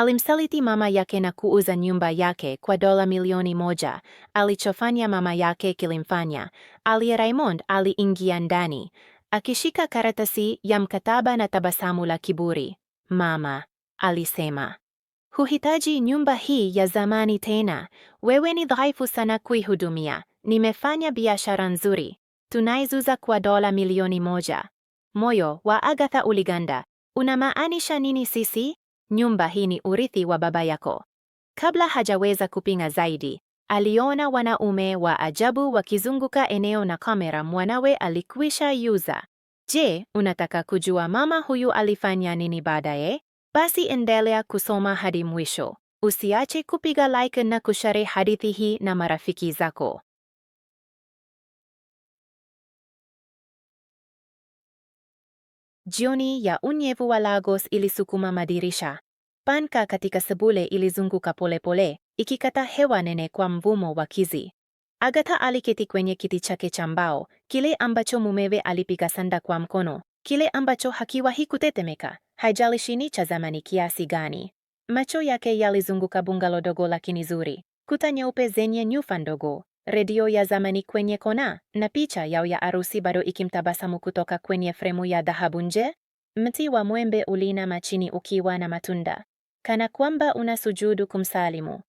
Alimsaliti mama yake na kuuza nyumba yake kwa dola milioni moja. Alichofanya mama yake kilimfanya. Ali Raymond aliingia ndani akishika karatasi ya mkataba na tabasamu la kiburi. Mama, alisema, huhitaji nyumba hii ya zamani tena. Wewe ni dhaifu sana kuihudumia. Nimefanya biashara nzuri, tunaizuza kwa dola milioni moja. Moyo wa Agatha uliganda. Unamaanisha nini sisi? nyumba hii ni urithi wa baba yako. Kabla hajaweza kupinga zaidi, aliona wanaume wa ajabu wakizunguka eneo na kamera mwanawe alikwisha yuza. Je, unataka kujua mama huyu alifanya nini baadaye? Basi endelea kusoma hadi mwisho. Usiache kupiga like na kushare hadithi hii na marafiki zako. Jioni ya unyevu wa Lagos ilisukuma madirisha. Panka katika sebule ilizunguka polepole, ikikata hewa nene kwa mvumo wa kizi. Agatha aliketi kwenye kiti chake cha mbao, kile ambacho mumewe alipiga sanda kwa mkono, kile ambacho hakiwahi kutetemeka, haijalishi ni cha zamani kiasi gani. Macho yake yalizunguka bungalo dogo lakini zuri, kuta nyeupe zenye nyufa ndogo, redio ya zamani kwenye kona na picha yao ya arusi bado ikimtabasamu kutoka kwenye fremu ya dhahabu nje. Mti wa mwembe ulina chini ukiwa na matunda, kana kwamba unasujudu kumsalimu.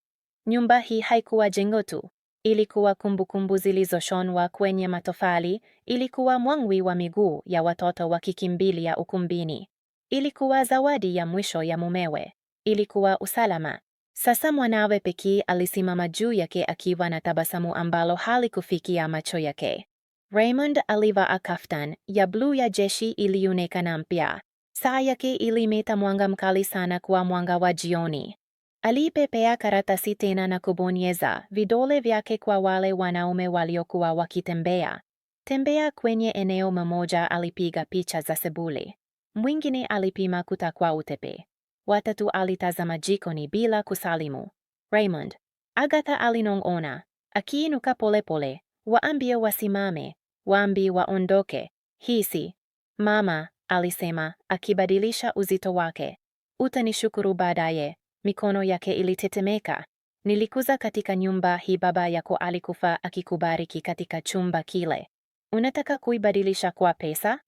Nyumba hii haikuwa jengo tu, ilikuwa kumbukumbu zilizoshonwa kwenye matofali, ilikuwa mwangwi wa miguu ya watoto wakikimbilia ukumbini, ilikuwa zawadi ya mwisho ya mumewe, ilikuwa usalama sasa mwanawe pekee alisimama juu yake akiwa na tabasamu ambalo halikufikia macho yake. Raymond alivaa kaftan ya bluu ya jeshi ilionekana mpya. Saa yake ilimeta mwanga mkali sana kwa mwanga wa jioni. Alipepea karatasi tena na kubonyeza vidole vyake kwa wale wanaume waliokuwa wakitembea tembea kwenye eneo mmoja. Alipiga picha za sebule, mwingine alipima kuta kwa utepe, Watatu alitazama jikoni bila kusalimu. Raymond, Agatha alinong'ona, akiinuka polepole, waambie wasimame, waambie waondoke. Hisi. Mama, alisema, akibadilisha uzito wake. Utanishukuru baadaye. Mikono yake ilitetemeka. Nilikuza katika nyumba hii, baba yako alikufa akikubariki katika chumba kile. Unataka kuibadilisha kwa pesa?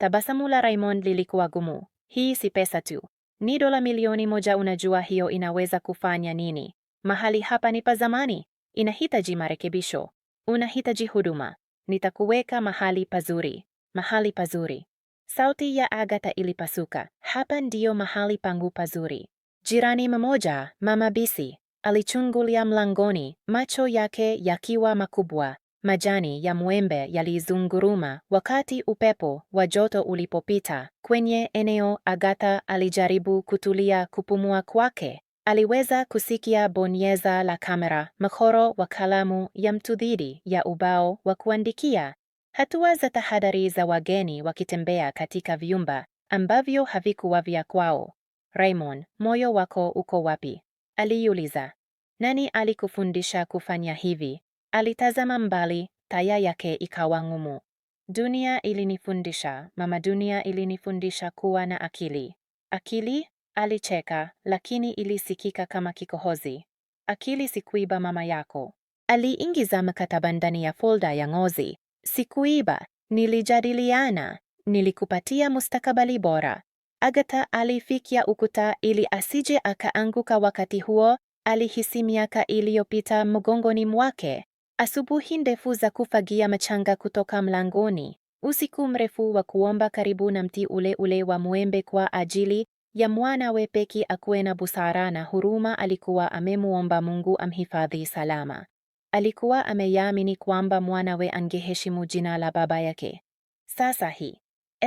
Tabasamu la Raymond lilikuwa gumu. Hii si pesa tu, ni dola milioni moja. Unajua hiyo inaweza kufanya nini? Mahali hapa ni pa zamani, inahitaji marekebisho, unahitaji huduma. Nitakuweka mahali pazuri, mahali pazuri. Sauti ya Agata ilipasuka. Hapa ndiyo mahali pangu pazuri. Jirani mmoja, mama Bisi, alichungulia mlangoni, macho yake yakiwa makubwa. Majani ya mwembe yalizunguruma wakati upepo wa joto ulipopita kwenye eneo. Agatha alijaribu kutulia kupumua kwake. Aliweza kusikia bonyeza la kamera, mchoro wa kalamu ya mtu dhidi ya ubao wa kuandikia, hatua za tahadhari za wageni wakitembea katika vyumba ambavyo havikuwa vya kwao. Raymond, moyo wako uko wapi? aliuliza. Nani alikufundisha kufanya hivi? Alitazama mbali, taya yake ikawa ngumu. Dunia ilinifundisha, mama dunia ilinifundisha kuwa na akili. Akili? Alicheka, lakini ilisikika kama kikohozi. Akili sikuiba mama yako. Aliingiza mkataba ndani ya folda ya ngozi. Sikuiba, nilijadiliana, nilikupatia mustakabali bora. agata alifikia ukuta ili asije akaanguka. Wakati huo alihisi miaka iliyopita mgongoni mwake asubuhi ndefu za kufagia machanga kutoka mlangoni, usiku mrefu wa kuomba karibu na mti ule ule wa mwembe kwa ajili ya mwanawe peki akuwe na busara na huruma. Alikuwa amemuomba Mungu amhifadhi salama. Alikuwa ameyaamini kwamba mwanawe angeheshimu jina la baba yake. Sasa hii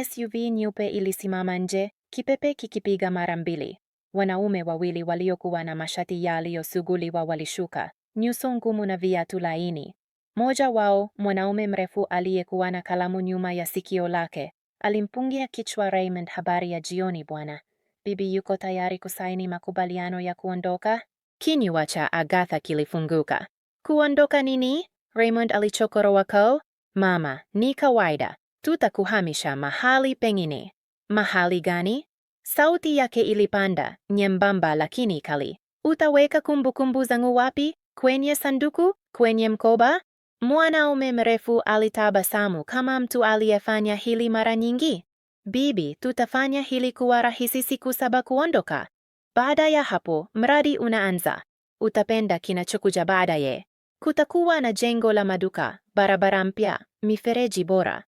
SUV nyeupe ilisimama nje, kipepe kikipiga mara mbili. Wanaume wawili waliokuwa na mashati yaliyosuguliwa walishuka, nyuso ngumu na viatu laini. Mmoja wao, mwanaume mrefu aliyekuwa na kalamu nyuma ya sikio lake, alimpungia kichwa Raymond habari ya jioni. Bwana bibi yuko tayari kusaini makubaliano ya kuondoka. Kinywa cha Agatha kilifunguka. Kuondoka nini? Raymond alichokoroa koo. Mama, ni kawaida, tutakuhamisha mahali pengine. Mahali gani? Sauti yake ilipanda, nyembamba lakini kali. Utaweka kumbukumbu zangu wapi? Kwenye sanduku, kwenye mkoba, mwanaume mrefu alitabasamu kama mtu aliyefanya hili mara nyingi. Bibi, tutafanya hili kuwa rahisi siku saba kuondoka. Baada ya hapo, mradi unaanza. Utapenda kinachokuja baadaye. Kutakuwa na jengo la maduka, barabara mpya, mifereji bora.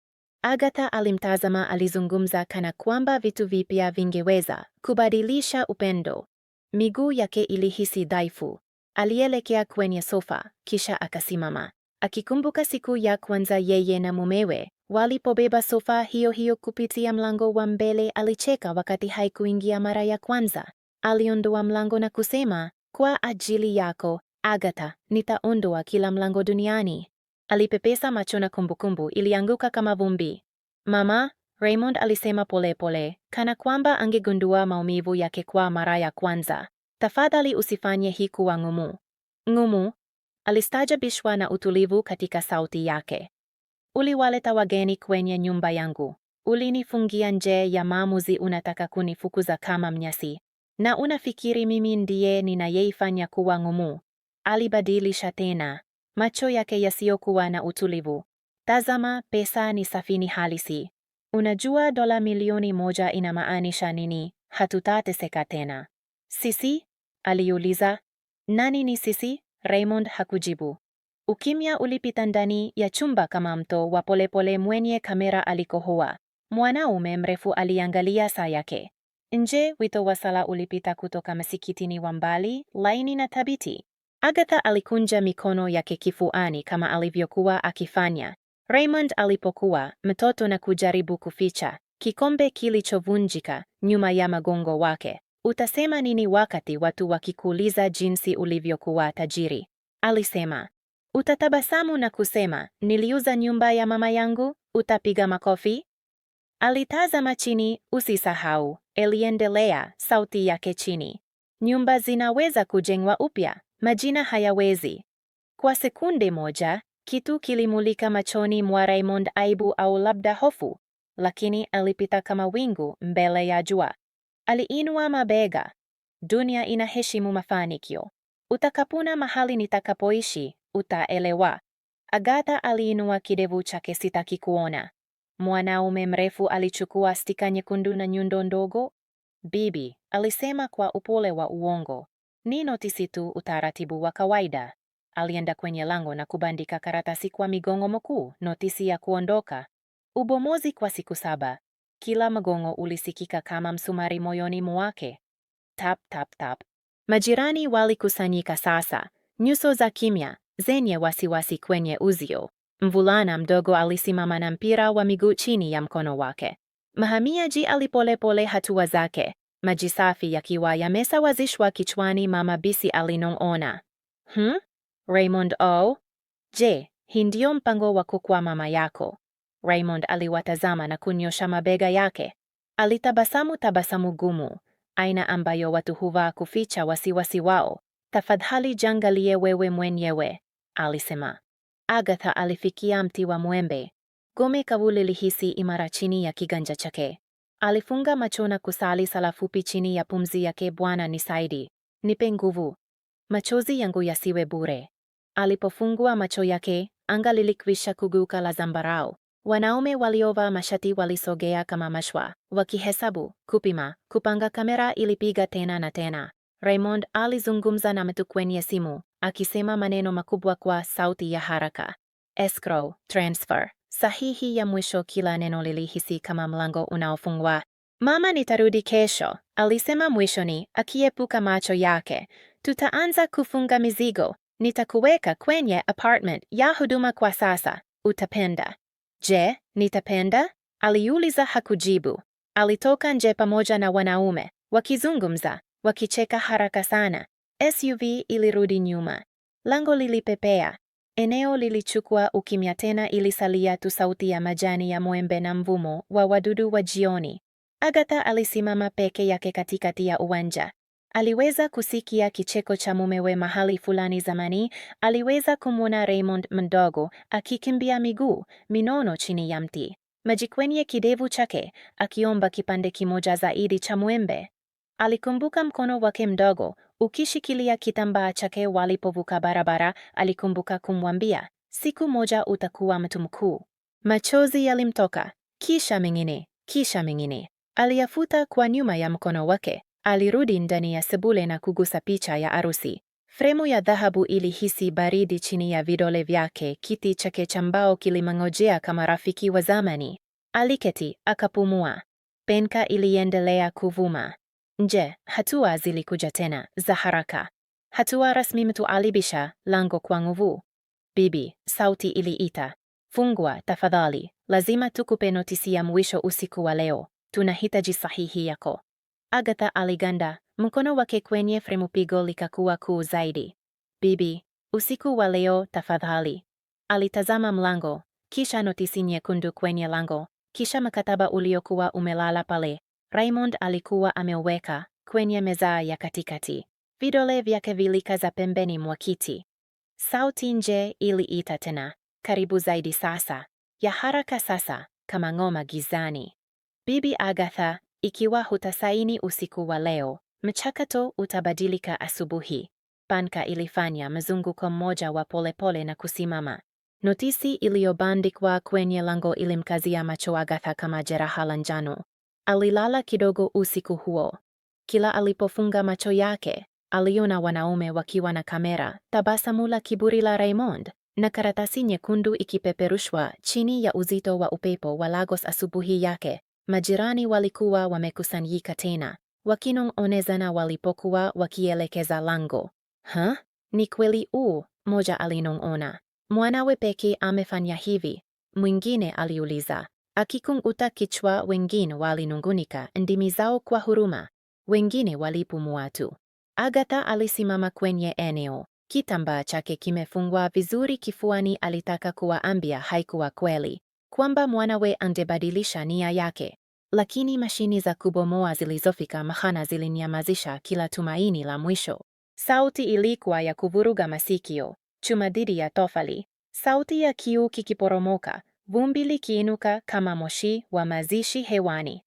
Agatha alimtazama, alizungumza kana kwamba vitu vipya vingeweza kubadilisha upendo. Miguu yake ilihisi dhaifu. Alielekea kwenye sofa, kisha akasimama akikumbuka siku ya kwanza yeye na mumewe walipobeba sofa hiyo hiyo kupitia mlango wa mbele. Alicheka wakati haikuingia mara ya kwanza. Aliondoa mlango na kusema, kwa ajili yako Agatha, nitaondoa kila mlango duniani. Alipepesa macho na kumbukumbu ilianguka kama vumbi. Mama, Raymond alisema polepole pole, kana kwamba angegundua maumivu yake kwa mara ya kwanza. Tafadhali usifanye hii kuwa ngumu. Ngumu, Bishwa na utulivu katika sauti yake. Uliwaleta wageni kwenye nyumba yangu, ulinifungia nje ya maamuzi, unataka kunifukuza kama mnyasi, na unafikiri mimi ndiye ninayeifanya kuwa ngumu? Alibadilisha tena macho yake yasiyokuwa na utulivu. Tazama, pesa ni safini halisi. Unajua dola milioni moja inamaanisha nini? Hatutateseka tena. Sisi? aliuliza. Nani ni sisi? Raymond hakujibu. Ukimya ulipita ndani ya chumba kama mto wa polepole mwenye kamera alikohoa. Mwanaume mrefu aliangalia saa yake. Nje wito wa sala ulipita kutoka msikitini wa mbali, laini na thabiti. Agatha alikunja mikono yake kifuani kama alivyokuwa akifanya Raymond alipokuwa mtoto na kujaribu kuficha kikombe kilichovunjika nyuma ya magongo wake. Utasema nini wakati watu wakikuuliza jinsi ulivyokuwa tajiri? Alisema. Utatabasamu na kusema, niliuza nyumba ya mama yangu? Utapiga makofi? Alitazama chini. Usisahau, eliendelea sauti yake chini. Nyumba zinaweza kujengwa upya, majina hayawezi. Kwa sekunde moja, kitu kilimulika machoni mwa Raymond, aibu au labda hofu, lakini alipita kama wingu mbele ya jua. Aliinua mabega. Dunia inaheshimu mafanikio. utakapuna mahali nitakapoishi, utaelewa. Agatha aliinua kidevu chake, sitaki kuona. Mwanaume mrefu alichukua stika nyekundu na nyundo ndogo. Bibi, alisema kwa upole wa uongo. Ni notisi tu, utaratibu wa kawaida. Alienda kwenye lango na kubandika karatasi kwa migongo mkuu notisi ya kuondoka. Ubomozi kwa siku saba. Kila magongo ulisikika kama msumari moyoni mwake. Tap tap tap. Majirani walikusanyika sasa, nyuso za kimya zenye wasiwasi kwenye uzio. Mvulana mdogo alisimama na mpira wa miguu chini ya mkono wake. Mahamiaji alipolepole hatua zake, maji safi yakiwa yamesawazishwa kichwani. Mama Bisi alinong'ona, hmm? Raymond o, je, hii ndio mpango wa kukwa mama yako? Raymond aliwatazama na kunyosha mabega yake. Alitabasamu tabasamu gumu, aina ambayo watu huvaa kuficha wasiwasi wao. Tafadhali jangalie wewe mwenyewe, alisema. Agatha alifikia mti wa mwembe. Gome kavu lilihisi imara chini ya kiganja chake. Alifunga macho na kusali sala fupi chini ya pumzi yake, Bwana nisaidi, nipe nguvu, machozi yangu yasiwe bure. Alipofungua macho yake, anga lilikwisha kuguka la zambarau. Wanaume waliovaa mashati walisogea kama mashwa, wakihesabu, kupima, kupanga. Kamera ilipiga tena na tena. Raymond alizungumza na mtu kwenye simu, akisema maneno makubwa kwa sauti ya haraka. Escrow, transfer, sahihi ya mwisho. Kila neno lilihisi kama mlango unaofungwa. Mama, nitarudi kesho, alisema mwishoni, akiepuka macho yake. Tutaanza kufunga mizigo. Nitakuweka kwenye apartment ya huduma kwa sasa. Utapenda. Je, nitapenda? Aliuliza, hakujibu. Alitoka nje pamoja na wanaume wakizungumza, wakicheka haraka sana. SUV ilirudi nyuma, lango lilipepea, eneo lilichukua ukimya tena. Ilisalia tu sauti ya majani ya mwembe na mvumo wa wadudu wa jioni. Agatha alisimama peke yake katikati ya uwanja, Aliweza kusikia kicheko cha mumewe mahali fulani zamani. Aliweza kumwona Raymond mdogo akikimbia miguu minono chini ya mti, maji kwenye kidevu chake, akiomba kipande kimoja zaidi cha mwembe. Alikumbuka mkono wake mdogo ukishikilia kitambaa chake walipovuka barabara. Alikumbuka kumwambia siku moja utakuwa mtu mkuu. Machozi yalimtoka, kisha mengine, kisha mengine. Aliyafuta kwa nyuma ya mkono wake, Alirudi ndani ya sebule na kugusa picha ya arusi. Fremu ya dhahabu ilihisi baridi chini ya vidole vyake. Kiti chake cha mbao kilimangojea kama rafiki wa zamani. Aliketi akapumua. Penka iliendelea kuvuma. Nje hatua zilikuja tena za haraka, hatua rasmi. Mtu alibisha lango kwa nguvu. Bibi, sauti iliita, fungua tafadhali, lazima tukupe notisi ya mwisho usiku wa leo, tunahitaji sahihi yako. Agatha aliganda, mkono wake kwenye fremu. Pigo likakuwa kuu zaidi. Bibi, usiku wa leo tafadhali. Alitazama mlango, kisha notisi nyekundu kwenye lango, kisha mkataba uliokuwa umelala pale. Raymond alikuwa ameuweka kwenye meza ya katikati. Vidole vyake vilikaza pembeni mwa kiti. Sauti nje iliita tena, karibu zaidi sasa, ya haraka sasa, kama ngoma gizani. Bibi Agatha ikiwa hutasaini usiku wa leo, mchakato utabadilika asubuhi. Banka ilifanya mzunguko mmoja wa polepole na kusimama. Notisi iliyobandikwa kwenye lango ilimkazia macho Agatha kama jeraha la njano. Alilala kidogo usiku huo. Kila alipofunga macho yake, aliona wanaume wakiwa na kamera, tabasamu la kiburi la Raymond na karatasi nyekundu ikipeperushwa chini ya uzito wa upepo wa Lagos asubuhi yake. Majirani walikuwa wamekusanyika tena, wakinong'onezana walipokuwa wakielekeza lango. Ha, ni kweli u, moja alinong'ona. Mwanawe peke amefanya hivi, mwingine aliuliza, akikunguta kichwa. Wengine walinungunika ndimi zao kwa huruma, wengine walipumua tu. Agatha alisimama kwenye eneo, kitambaa chake kimefungwa vizuri kifuani. Alitaka kuwaambia haikuwa kweli, kwamba mwanawe angebadilisha nia yake, lakini mashini za kubomoa zilizofika mahana zilinyamazisha kila tumaini la mwisho. Sauti ilikuwa ya kuvuruga masikio, chuma dhidi ya tofali, sauti ya kiu kikiporomoka, vumbi likiinuka kama moshi wa mazishi hewani.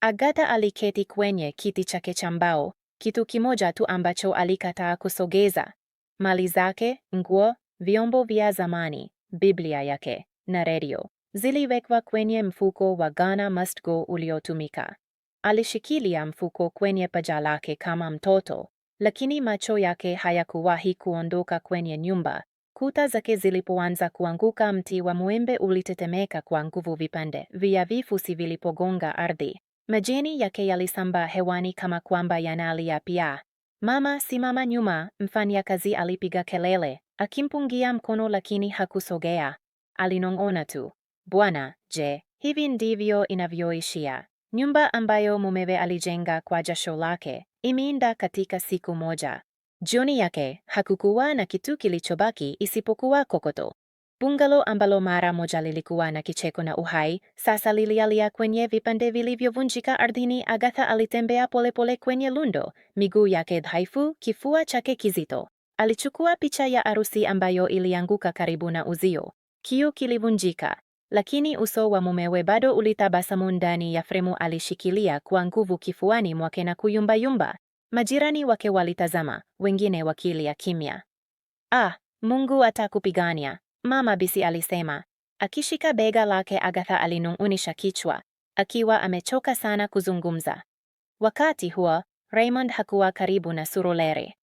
Agata aliketi kwenye kiti chake cha mbao, kitu kimoja tu ambacho alikataa kusogeza: mali zake, nguo, vyombo vya zamani, Biblia yake na redio ziliwekwa kwenye mfuko wa Ghana Must Go uliotumika. Alishikilia mfuko kwenye paja lake kama mtoto, lakini macho yake hayakuwahi kuondoka kwenye nyumba. Kuta zake zilipoanza kuanguka, mti wa mwembe ulitetemeka kwa nguvu, vipande vya vifusi vilipogonga ardhi. Majani yake yalisambaa hewani kama kwamba yanalia pia. Mama, simama nyuma, mfanyakazi alipiga kelele, akimpungia mkono, lakini hakusogea. Alinong'ona tu, Bwana, je, hivi ndivyo inavyoishia? Nyumba ambayo mumewe alijenga kwa jasho lake imeenda katika siku moja. Jioni yake hakukuwa na kitu kilichobaki isipokuwa kokoto. bungalo ambalo mara moja lilikuwa na kicheko na uhai sasa lilialia kwenye vipande vilivyovunjika ardhini. Agatha alitembea polepole kwenye lundo, miguu yake dhaifu, kifua chake kizito. Alichukua picha ya arusi ambayo ilianguka karibu na uzio. kiu kilivunjika, lakini uso wa mumewe bado ulitabasamu ndani ya fremu. Alishikilia kwa nguvu kifuani mwake na kuyumbayumba. Majirani wake walitazama, wengine wakilia kimya. Ah, Mungu atakupigania, Mama Bisi alisema. Akishika bega lake, Agatha alinung'unisha kichwa, akiwa amechoka sana kuzungumza. Wakati huo, Raymond hakuwa karibu na Surulere.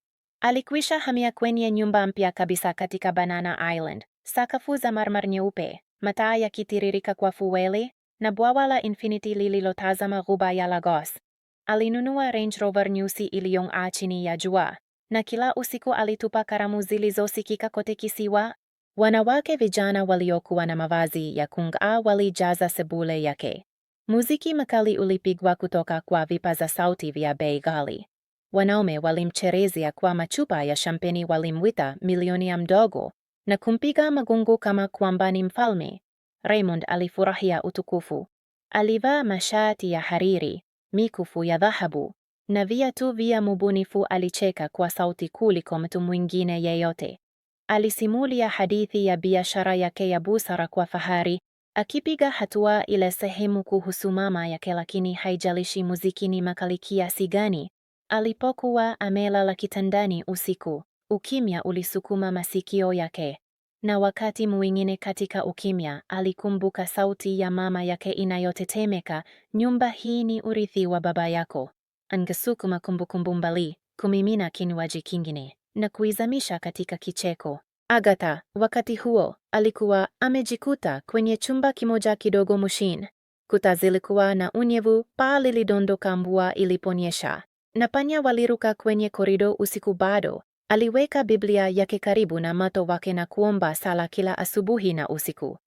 Alikwisha hamia kwenye nyumba mpya kabisa katika Banana Island, sakafu za marmar nyeupe, mataa yakitiririka kwa fuweli na bwawa la Infinity lililotazama ghuba ya Lagos. Alinunua Range Rover nyusi iliyong'aa chini ya jua, na kila usiku alitupa karamu zilizosikika kote kisiwa. Wanawake vijana waliokuwa na mavazi ya kung'aa walijaza sebule yake. Muziki mkali ulipigwa kutoka kwa vipaza sauti vya bei ghali. Wanaume walimcherezia kwa machupa ya shampeni, walimwita milionia mdogo, na kumpiga magongo kama kwamba ni mfalme. Raymond alifurahia utukufu. Alivaa mashati ya hariri, mikufu ya dhahabu na viatu vya mubunifu. Alicheka kwa sauti kuliko mtu mwingine yeyote. Alisimulia hadithi ya biashara yake ya busara kwa fahari, akipiga hatua ile sehemu kuhusu mama yake, lakini haijalishi muziki ni makali kiasi gani. Alipokuwa amelala kitandani usiku, Ukimya ulisukuma masikio yake, na wakati mwingine katika ukimya alikumbuka sauti ya mama yake inayotetemeka, nyumba hii ni urithi wa baba yako. Angesukuma kumbukumbu mbali, kumimina kinywaji kingine na kuizamisha katika kicheko. Agatha, wakati huo, alikuwa amejikuta kwenye chumba kimoja kidogo Mushin. Kuta zilikuwa na unyevu, paa lilidondoka mvua iliponyesha, na panya waliruka kwenye korido usiku bado, Aliweka Biblia yake karibu na mato wake na kuomba sala kila asubuhi na usiku.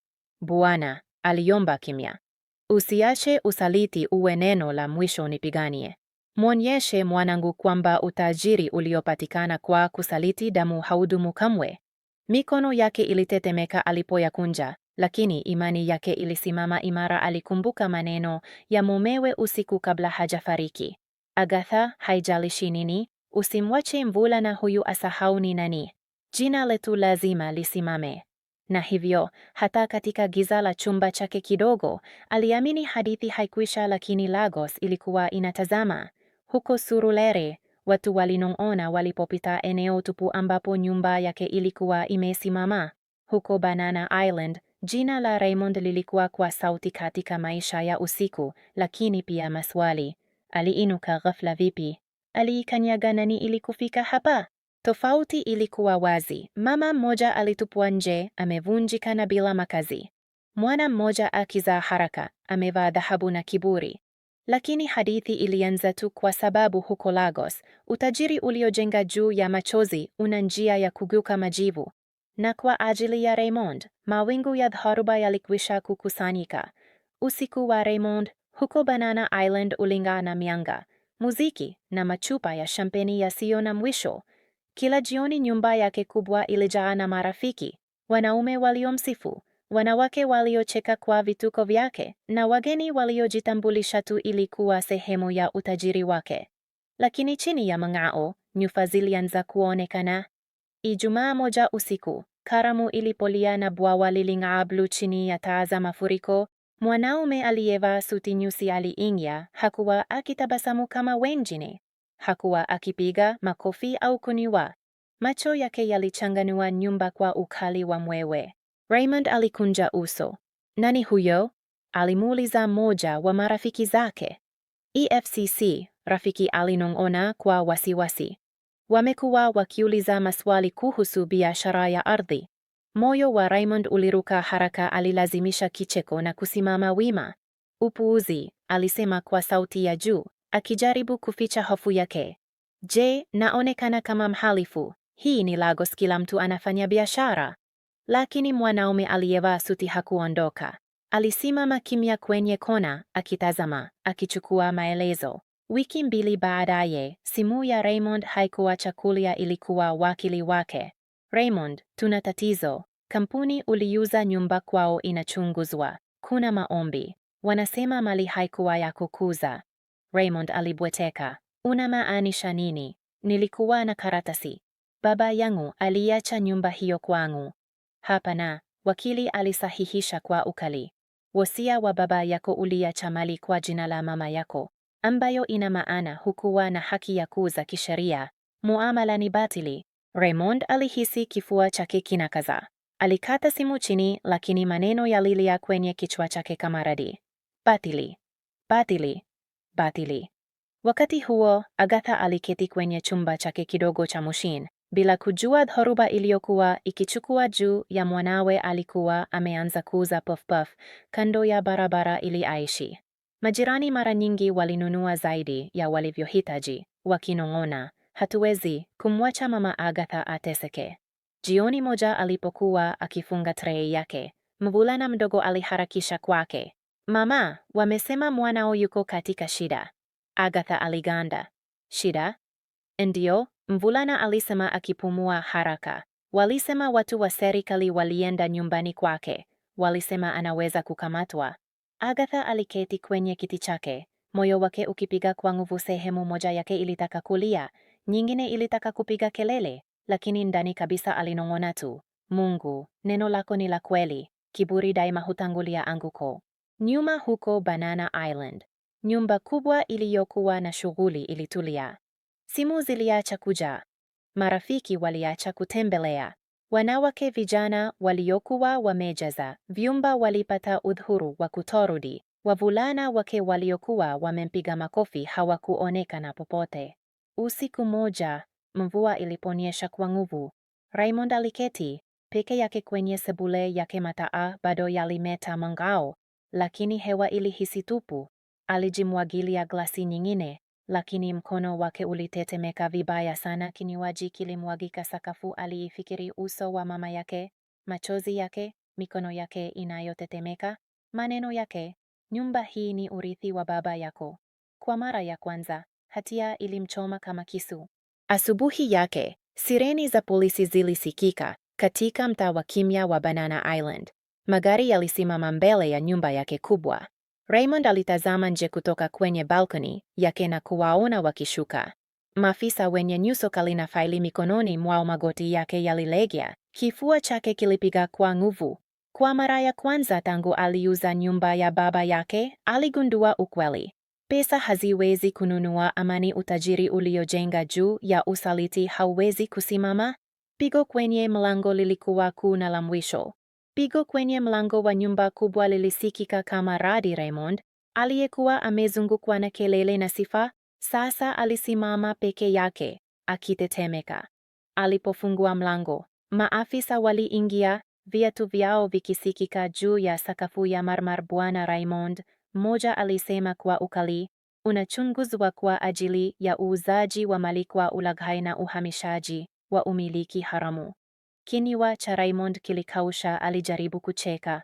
Bwana, aliomba kimya, usiache usaliti uwe neno la mwisho nipiganie. Mwonyeshe mwanangu kwamba utajiri uliopatikana kwa kusaliti damu haudumu kamwe. Mikono yake ilitetemeka alipoyakunja, lakini imani yake ilisimama imara. Alikumbuka maneno ya mumewe usiku kabla hajafariki: Agatha, haijalishi nini, Usimwache mvulana huyu asahau ni nani. Jina letu lazima lisimame. Na hivyo hata katika giza la chumba chake kidogo, aliamini hadithi haikwisha, lakini Lagos ilikuwa inatazama. Huko Surulere, watu walinong'ona walipopita eneo tupu ambapo nyumba yake ilikuwa imesimama. Huko Banana Island, jina la Raymond lilikuwa kwa sauti katika maisha ya usiku, lakini pia maswali. Aliinuka ghafla. Vipi? aliikanyaganani ili kufika hapa? Tofauti ilikuwa wazi. Mama mmoja alitupwa nje, amevunjika na bila makazi. Mwana mmoja akizaa haraka, amevaa dhahabu na kiburi. Lakini hadithi ilianza tu, kwa sababu huko Lagos utajiri uliojenga juu ya machozi una njia ya kuguka majivu. Na kwa ajili ya Raymond, mawingu ya dhoruba yalikwisha kukusanyika. Usiku wa Raymond huko Banana Island uling'aa na mianga, muziki na machupa ya shampeni yasiyo na mwisho. Kila jioni nyumba yake kubwa ilijaa na marafiki, wanaume waliomsifu, wanawake waliocheka kwa vituko vyake na wageni waliojitambulisha tu ili kuwa sehemu ya utajiri wake. Lakini chini ya mng'ao, nyufa zilianza kuonekana. Ijumaa moja usiku, karamu ilipolia na bwawa liling'aa bluu chini ya taa za mafuriko, Mwanaume aliyevaa suti nyusi aliingia, hakuwa akitabasamu kama wengine. Hakuwa akipiga makofi au kuniwa. Macho yake yalichanganua nyumba kwa ukali wa mwewe. Raymond alikunja uso. Nani huyo? Alimuuliza mmoja wa marafiki zake. EFCC, rafiki alinong'ona kwa wasiwasi. Wamekuwa wakiuliza maswali kuhusu biashara ya ardhi. Moyo wa Raymond uliruka haraka, alilazimisha kicheko na kusimama wima. Upuuzi, alisema kwa sauti ya juu, akijaribu kuficha hofu yake. Je, naonekana kama mhalifu? Hii ni Lagos, kila mtu anafanya biashara. Lakini mwanaume aliyevaa suti hakuondoka. Alisimama kimya kwenye kona, akitazama, akichukua maelezo. Wiki mbili baadaye, simu ya Raymond haikuacha kulia, ilikuwa wakili wake. Raymond, tuna tatizo. Kampuni uliuza nyumba kwao inachunguzwa. Kuna maombi. Wanasema mali haikuwa ya kukuza. Raymond alibweteka. Unamaanisha nini? Nilikuwa na karatasi. Baba yangu aliacha nyumba hiyo kwangu. Hapana, wakili alisahihisha kwa ukali. Wosia wa baba yako uliacha mali kwa jina la mama yako, ambayo ina maana hukuwa na haki ya kuuza kisheria. Muamala ni batili. Raymond alihisi kifua chake kinakaza. Alikata simu chini, lakini maneno yalilia kwenye kichwa chake kama radi: batili, batili, batili. Wakati huo Agatha aliketi kwenye chumba chake kidogo cha Mushin bila kujua dhoruba iliyokuwa ikichukua juu ya mwanawe. Alikuwa ameanza kuuza puff-puff kando ya barabara ili aishi. Majirani mara nyingi walinunua zaidi ya walivyohitaji, wakinong'ona, Hatuwezi kumwacha Mama Agatha ateseke. Jioni moja alipokuwa akifunga trei yake, mvulana mdogo aliharakisha kwake. Mama, wamesema mwanao yuko katika shida. Agatha aliganda. Shida? Ndio, mvulana alisema akipumua haraka. Walisema watu wa serikali walienda nyumbani kwake. Walisema anaweza kukamatwa. Agatha aliketi kwenye kiti chake, moyo wake ukipiga kwa nguvu. Sehemu moja yake ilitaka kulia, nyingine ilitaka kupiga kelele, lakini ndani kabisa alinong'ona tu, Mungu, neno lako ni la kweli, kiburi daima hutangulia anguko. Nyuma huko Banana Island, nyumba kubwa iliyokuwa na shughuli ilitulia. Simu ziliacha kuja, marafiki waliacha kutembelea, wanawake vijana waliokuwa wamejaza vyumba walipata udhuru wa kutorudi, wavulana wake waliokuwa wamempiga makofi hawakuonekana popote. Usiku moja, mvua iliponyesha kwa nguvu, Raymond aliketi peke yake kwenye sebule yake. Mataa bado yalimeta mangao, lakini hewa ilihisi tupu. Alijimwagilia glasi nyingine, lakini mkono wake ulitetemeka vibaya sana. Kinywaji kilimwagika sakafu. Aliifikiri uso wa mama yake, machozi yake, mikono yake inayotetemeka, maneno yake. Nyumba hii ni urithi wa baba yako. Kwa mara ya kwanza hatia ilimchoma kama kisu. Asubuhi yake, sireni za polisi zilisikika katika mtaa wa kimya wa Banana Island. Magari yalisimama mbele ya nyumba yake kubwa. Raymond alitazama nje kutoka kwenye balkoni yake na kuwaona wakishuka. Maafisa wenye nyuso kali na faili mikononi mwao. Magoti yake yalilegea, kifua chake kilipiga kwa nguvu. Kwa mara ya kwanza tangu aliuza nyumba ya baba yake, aligundua ukweli. Pesa haziwezi kununua amani. Utajiri uliojenga juu ya usaliti hauwezi kusimama. Pigo kwenye mlango lilikuwa kuu na la mwisho. Pigo kwenye mlango wa nyumba kubwa lilisikika kama radi. Raymond aliyekuwa amezungukwa na kelele na sifa, sasa alisimama peke yake akitetemeka. Alipofungua mlango, maafisa waliingia, viatu vyao vikisikika juu ya sakafu ya marmar. Bwana Raymond mmoja alisema kwa ukali, unachunguzwa kwa ajili ya uuzaji wa mali kwa ulaghai na uhamishaji wa umiliki haramu. Kinywa cha Raymond kilikausha. Alijaribu kucheka.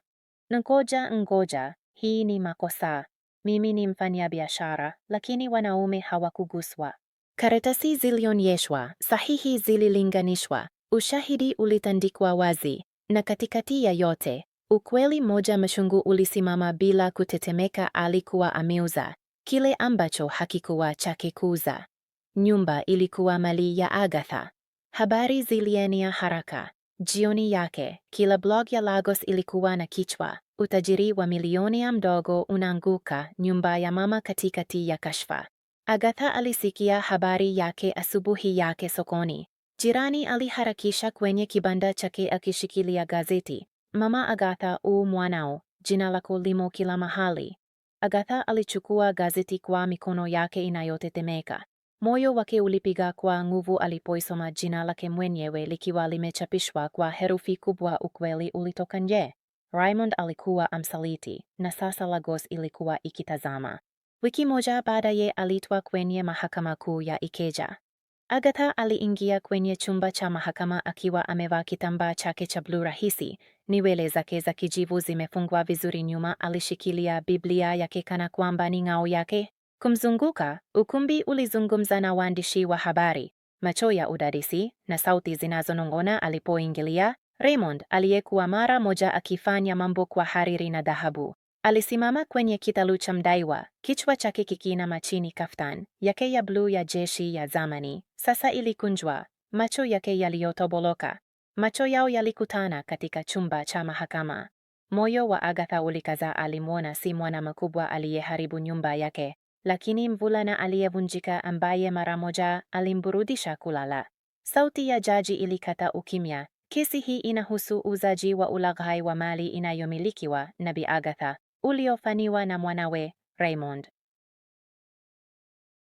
Ngoja ngoja, hii ni makosa. Mimi ni biashara lakini wanaume hawakuguswa. Karatasi zilionyeshwa, sahihi zililinganishwa, ushahidi ulitandikwa wazi, na katikati ya yote Ukweli moja mchungu ulisimama bila kutetemeka. Alikuwa ameuza kile ambacho hakikuwa chake kuuza. Nyumba ilikuwa mali ya Agatha. Habari zilienea haraka. Jioni yake, kila blog ya Lagos ilikuwa na kichwa, utajiri wa milionea mdogo unaanguka nyumba ya mama katikati ya kashfa. Agatha alisikia habari yake asubuhi yake sokoni. Jirani aliharakisha kwenye kibanda chake akishikilia gazeti. Mama Agatha u mwanao, jina lako limo kila mahali. Agatha alichukua gazeti kwa mikono yake inayotetemeka. Moyo wake ulipiga kwa nguvu alipoisoma jina lake mwenyewe likiwa limechapishwa kwa herufi kubwa. Ukweli ulitoka nje. Raymond alikuwa amsaliti, na sasa Lagos ilikuwa ikitazama. Wiki moja baadaye alitwa kwenye mahakama kuu ya Ikeja. Agatha aliingia kwenye chumba cha mahakama akiwa amevaa kitambaa chake cha bluu rahisi, wele zake za kijivu zimefungwa vizuri nyuma, alishikilia Biblia yake kana kwamba ni ngao yake. Kumzunguka ukumbi ulizungumza na waandishi wa habari, macho ya udadisi na sauti zinazonong'ona. Alipoingilia Raymond, aliyekuwa mara moja akifanya mambo kwa hariri na dhahabu, alisimama kwenye kitalu cha mdaiwa, kichwa chake kikiinama chini. Kaftan yake ya bluu ya jeshi ya zamani sasa ilikunjwa, macho yake yaliyotoboloka Macho yao yalikutana katika chumba cha mahakama. Moyo wa Agatha ulikaza. Alimwona si mwana mkubwa aliyeharibu nyumba yake, lakini mvulana aliyevunjika ambaye mara moja alimburudisha kulala. Sauti ya jaji ilikata ukimya. Kesi hii inahusu uzaji wa ulaghai wa mali inayomilikiwa na Bi Agatha uliofanywa na mwanawe Raymond.